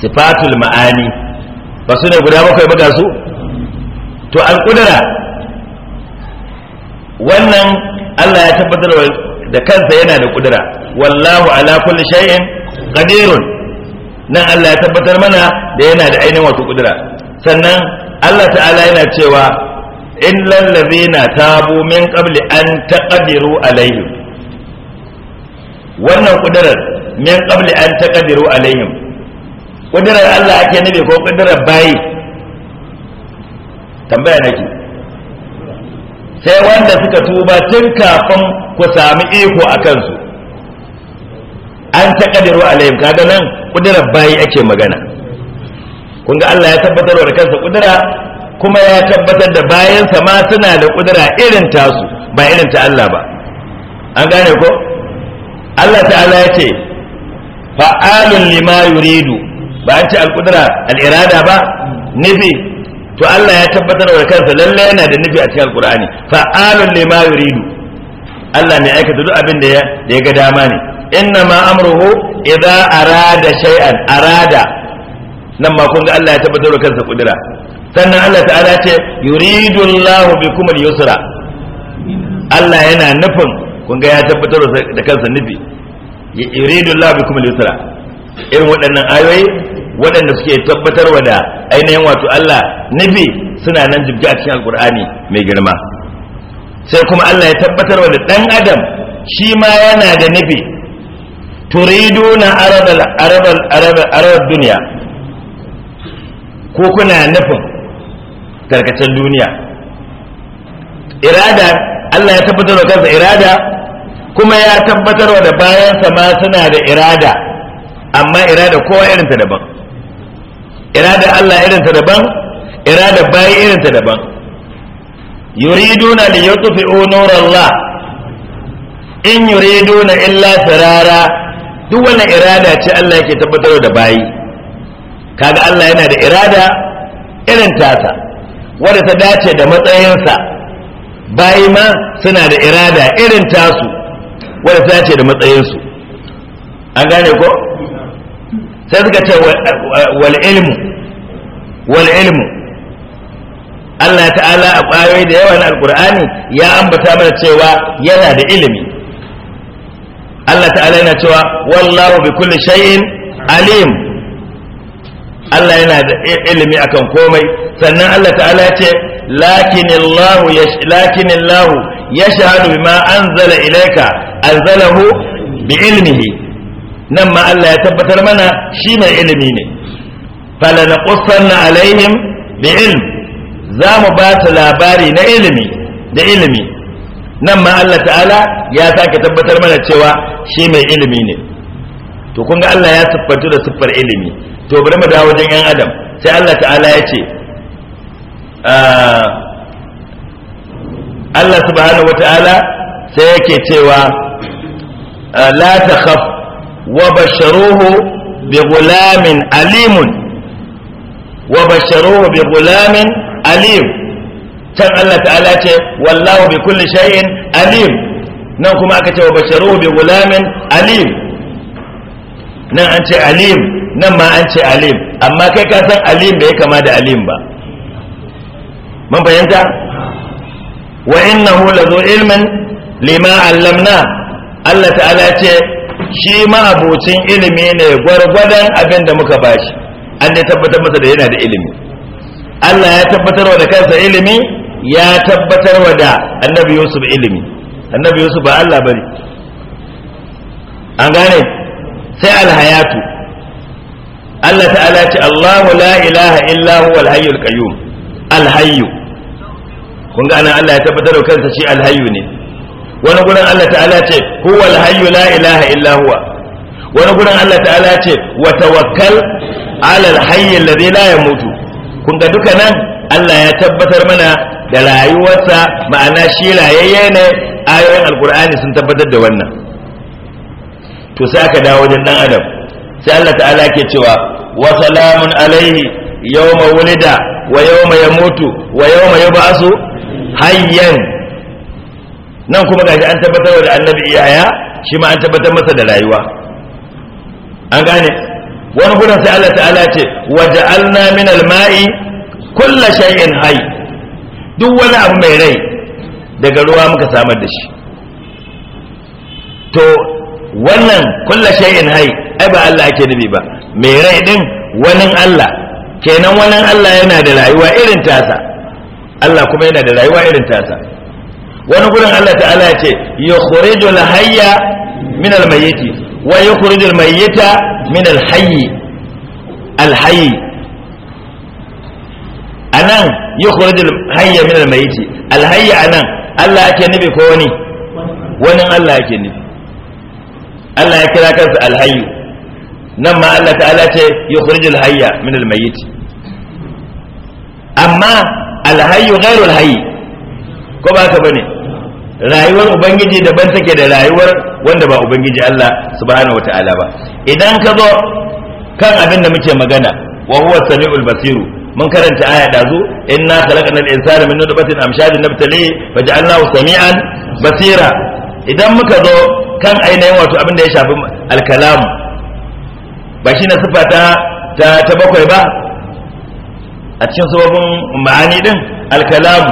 sifatul ma'ani ba su ne guda bakwai ba su to alƙudura wannan Allah ya tabbatar da kansa yana da kudura wallahu ala kulli shay'in qadirun nan Allah ya tabbatar mana da yana da ainihin wato kudura sannan Allah ta'ala yana cewa illal ladhina tabu min qabli an taqdiru alaihim wannan kudurar min qabli an taqdiru alaihim kudurar Allah ake nabi ko kudurar bayi tambaya nake sai wanda suka tuba tun kafin ku sami iko a kansu an ta kadiru alayhim kaga nan kudirar bayi ake magana kun ga Allah ya tabbatar da kansa kudura kuma ya tabbatar da bayansa ma suna da kudura irin tasu ba irin ta Allah ba an gane ko Allah ta'ala ya ce fa'alun lima yuridu ba an ce alkudura al'irada ba nabi to Allah ya tabbatar da kansa lalle yana da nufi a cikin alkur'ani fa'alun lima yuridu Allah ne aikata duk abin da ya ga dama ne inna ma amruhu idza arada shay'an arada nan ma kun ga Allah ya tabbatar da kansa kudura sannan Allah ta'ala ce yuridu Allahu bikum al-yusra Allah yana nufin kun ga ya tabbatar da kansa nufi yuridu Allahu bikum al-yusra irin waɗannan ayoyi waɗanda suke tabbatarwa da ainihin wato Allah nufi suna nan jibge a cikin alkur'ani mai girma sai kuma Allah ya tabbatarwa da ɗan adam shi ma yana da nufi turidu arabal arabal arabal arabal duniya ko kuna nufin karkacin duniya irada Allah ya tabbatar wa kansa irada kuma ya wa da bayansa ma suna da irada amma irada kowa irinta daban irada Allah irin ta daban irada bayi ta daban yuriduna li yutfi'u Allah in yuriduna illa sarara duk wannan irada ce Allah yake tabbatar da bayi kaga Allah yana da irada irin tasa wanda ta dace da matsayinsa bayi ma suna da irada irin tasu wanda ta dace da matsayinsu an gane ko sai suka ce wal ilmu wal ilmu Allah ta'ala a ƙwayoyi da yawan na alƙur'ani ya ambata mana cewa yana da ilimi Allah ta'ala yana cewa wallahu bi kulli shay'in alim Allah yana da ilimi akan komai sannan Allah ta'ala ya ce lakinillahu lakinillahu yashhadu bima anzala ilayka anzalahu bi ilmihi nan ma Allah ya tabbatar mana shi mai ilimi ne falanaqussanna alaihim bi ilm za mu ba ta labari na ilimi da ilimi nan ma Allah ta'ala ya sake tabbatar mana cewa shi mai ilimi ne to kun ga Allah ya siffantu da siffar ilimi to bari mu dawo wajen yan adam sai Allah ta'ala ya ce ah, Allah subhanahu ta'ala sai yake cewa ah, la takhaf wa basharuhu bi gulamin alimun wa basharuhu bi gulamin alim can Allah ta'ala ce wallahu bi kulli shay'in alim nan kuma aka ce wa basharuhu bi gulamin alim nan an ce alim nan ma an ce alim amma kai ka san alim bai kama da alim ba mun fahimta wa innahu lazu ilmin lima allamna Allah ta'ala ce shi ma'abocin ilimi ne gwargwadon abin da muka bashi an ne tabbatar masa da yana da ilimi Allah ya tabbatar wa da kansa ilimi ya tabbatar wa da annabi Yusuf ilimi annabi Yusuf ba Allah bari an gane sai alhayatu Allah ta'ala ce Allahu la ilaha illa huwal hayyul qayyum alhayyu kun ga Allah ya tabbatar da kansa shi alhayyu ne wani gurin Allah ta'ala ce huwal hayyu la ilaha illa huwa wani gurin Allah ta'ala ce wa tawakkal alal hayyi alladhi la yamutu kun ga duka nan Allah ya tabbatar mana da rayuwarsa ma'ana shi rayayye ne ayoyin alkur'ani sun tabbatar da wannan to sai aka dawo wajen dan adam sai Allah ta'ala ke cewa wa salamun alaihi yawma wulida wa yawma yamutu wa yawma yub'asu hayyan nan kuma gashi an tabbatar da annabi iyaya shi ma an tabbatar masa da rayuwa an gane wani gurin sai Allah ta'ala ce waja'alna min al-ma'i kull shay'in hay duk wani abu mai rai daga ruwa muka samar da shi to wannan kull shay'in hay ai ba Allah ake nufi ba mai rai din wani Allah kenan wani Allah yana da rayuwa irin tasa Allah kuma yana da rayuwa irin tasa wani gurin Allah ta'ala ya ce ya yukhrijul lahayya min al mayyiti wa yukhrijul mayyita min alhayyi alhayyi anan ya anan yukhrijul hayya min al mayyiti al anan Allah yake nufi ko wani wani Allah ke nufi Allah ya kira kansa al hayyu nan ma Allah ta'ala ce ya yukhrijul lahayya min al mayyiti amma al hayyu ghairu al ko ba ka bane rayuwar ubangiji daban take da rayuwar wanda ba ubangiji Allah subhanahu wataala ba idan ka zo kan abin da muke magana wa huwa samiul basiru mun karanta aya da zo inna khalaqnal insana min nutfatin amshajin nabtali faj'alnahu sami'an basira idan muka zo kan ainihin wato abin da ya shafi alkalam ba shine sifa ta ta bakwai ba a cikin sababin ma'ani din alkalam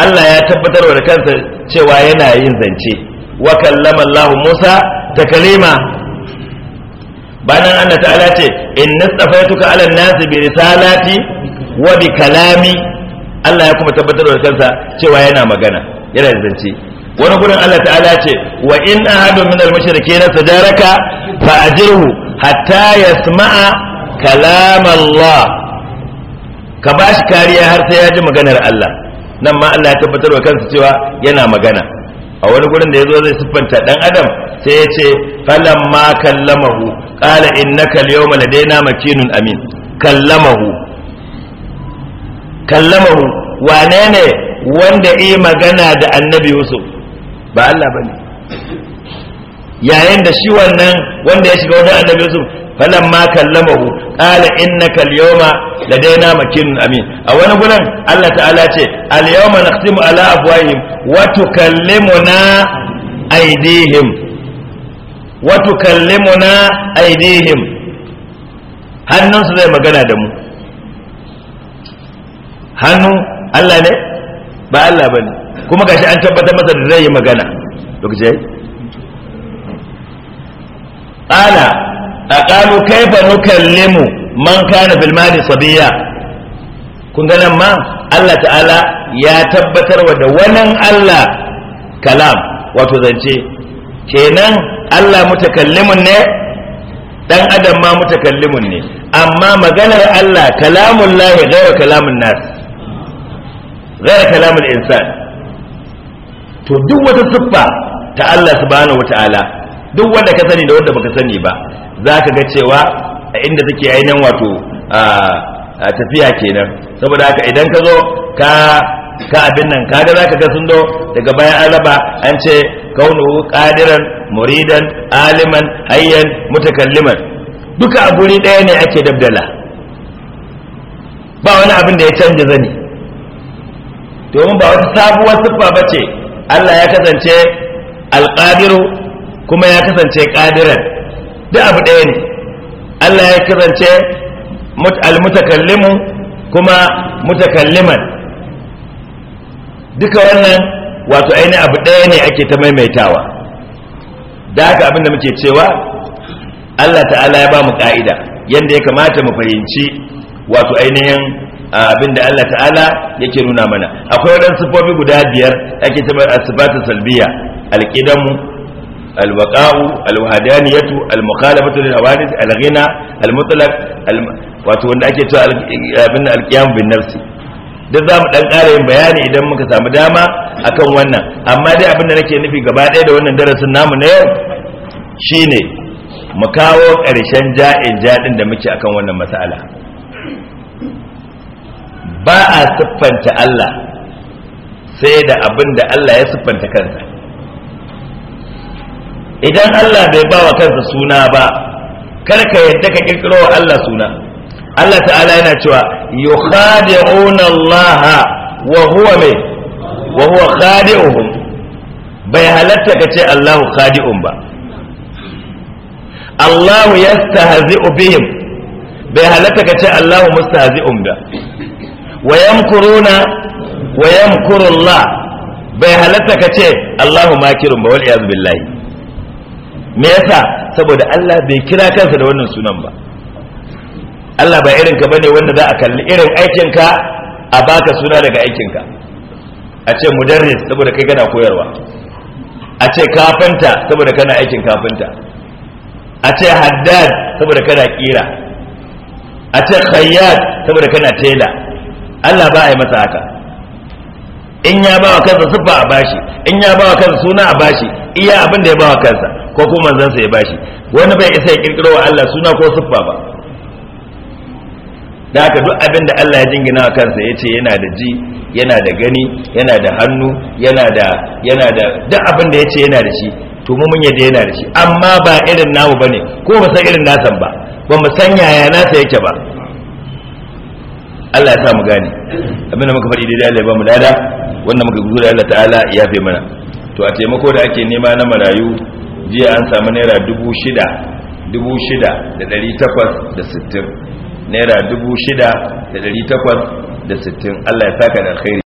Allah ya tabbatar da kansa cewa yana yin zance wa kallama Allah Musa ta kalima bayan Allah ta'ala ce inna safaituka ala nasi bi risalati wa bi kalami Allah ya kuma tabbatar da kansa cewa yana magana yana zance wani gurin Allah ta'ala ce wa in ahadun min al-mushrikeena sadaraka fa ajirhu hatta yasma'a kalam Allah ka bashi kariya har sai ya ji maganar Allah nan ma Allah ya tabbatar wa kansa cewa yana magana a wani gurin da ya zo zai siffanta dan adam sai ya ce falan ma kallamahu qala innaka alyawma ladaina makinun amin kallamahu kallamahu wane ne wanda yi magana da annabi yusuf ba Allah bane yayin da shi wannan wanda ya shiga wajen annabi yusuf falamma kallamahu qala innaka al-yawma ladaina makinun amin a wani gurin Allah ta'ala ce al-yawma nakhtimu ala afwahihim wa tukallimuna aydihim wa tukallimuna aydihim su zai magana da mu hannu Allah ne ba Allah bane kuma gashi an tabbatar masa da zai yi magana lokaci qala aqalu kaifa nukallimu man kana bil mali sabiyya, kun ga nan ma Allah ta'ala ya tabbatar da wannan Allah kalam wato zance kenan Allah mutakallimun ne dan adam ma mutakallimun ne amma maganar Allah kalamun lahi ghayra kalamun nas ghayra kalamul insan to duk wata siffa ta Allah subhanahu wataala duk wanda ka sani da wanda baka sani ba za ka ga cewa a inda take nan wato a tafiya kenan saboda haka idan ka zo ka ka abin nan kaga za ka ga sun daga bayan alaba an ce kaunu qadiran muridan aliman hayyan mutakalliman duka a guri ɗaya ne ake dabdala ba wani abin da ya canja zani domin ba wata sabuwar siffa bace Allah ya kasance alƙadiru kuma ya kasance ƙadiran duk abu ɗaya ne Allah ya kirance almutakallimu kuma mutakalliman duka wannan wato aini abu ɗaya ne ake ta maimaitawa da haka abin da muke cewa Allah ta'ala ya ba mu ka'ida yadda ya kamata mu fahimci wato ainihin abin da Allah ta'ala yake nuna mana akwai waɗansu sifofi guda biyar ake tabar a sifatun salbiya alƙidanmu البقاء الوحدانية المخالفة للحوادث الغنى المطلق wato wanda ake cewa abin bin nafsi duk za mu dan ƙara yin bayani idan muka samu dama akan wannan amma dai abin da nake nufi gaba ɗaya da wannan darasin namu na yau shine mu kawo ƙarshen ja'in jaɗin da muke akan wannan matsala ba a siffanta Allah sai da abin da Allah ya siffanta kansa idan Allah bai ba wa kansa suna ba kar ka yadda ka kirkiro wa Allah suna Allah ta'ala yana cewa yukhadi'una Allah wa huwa mai wa huwa khadi'uhum bai halatta ka ce Allahu khadi'un ba Allahu yastahzi'u bihim bai halatta ka ce Allahu mustahzi'un ba wa yamkuruna wa yamkuru Allah bai halatta ka ce Allahu makirun ba wal iyaz billahi me yasa saboda Allah bai kira kansa da wannan sunan ba Allah ba irin ka bane wanda za a kalli irin aikin ka a baka suna daga aikin ka a ce mudarris saboda kai kana koyarwa a ce kafinta saboda kana aikin kafinta a ce haddad saboda kana kira a ce khayyat saboda kana tela Allah ba a yi masa haka in ya ba wa kansa siffa a bashi in ya bawa wa kansa suna a bashi iya abin da ya bawa kansa ko kuma manzansa ya bashi wani bai isa ya kirkiro wa Allah suna ko siffa ba da haka duk abin da Allah ya jingina wa kansa ya ce yana da ji yana da gani yana da hannu yana da yana da duk abin da ya ce yana da shi to mu mun yadda yana da shi amma ba irin namu bane ko ba san irin nasan ba ba mu san yaya nasa yake ba Allah ya sa mu gane abin da muka faɗi da Allah ya ba mu lada wannan muka gudu da Allah ta'ala ya fi mana to a taimako da ake nema na marayu jiya an samu naira dubu shida dubu shida da dari takwas da sittin naira dubu shida da dari takwas da sittin allah ya saka da alkhairi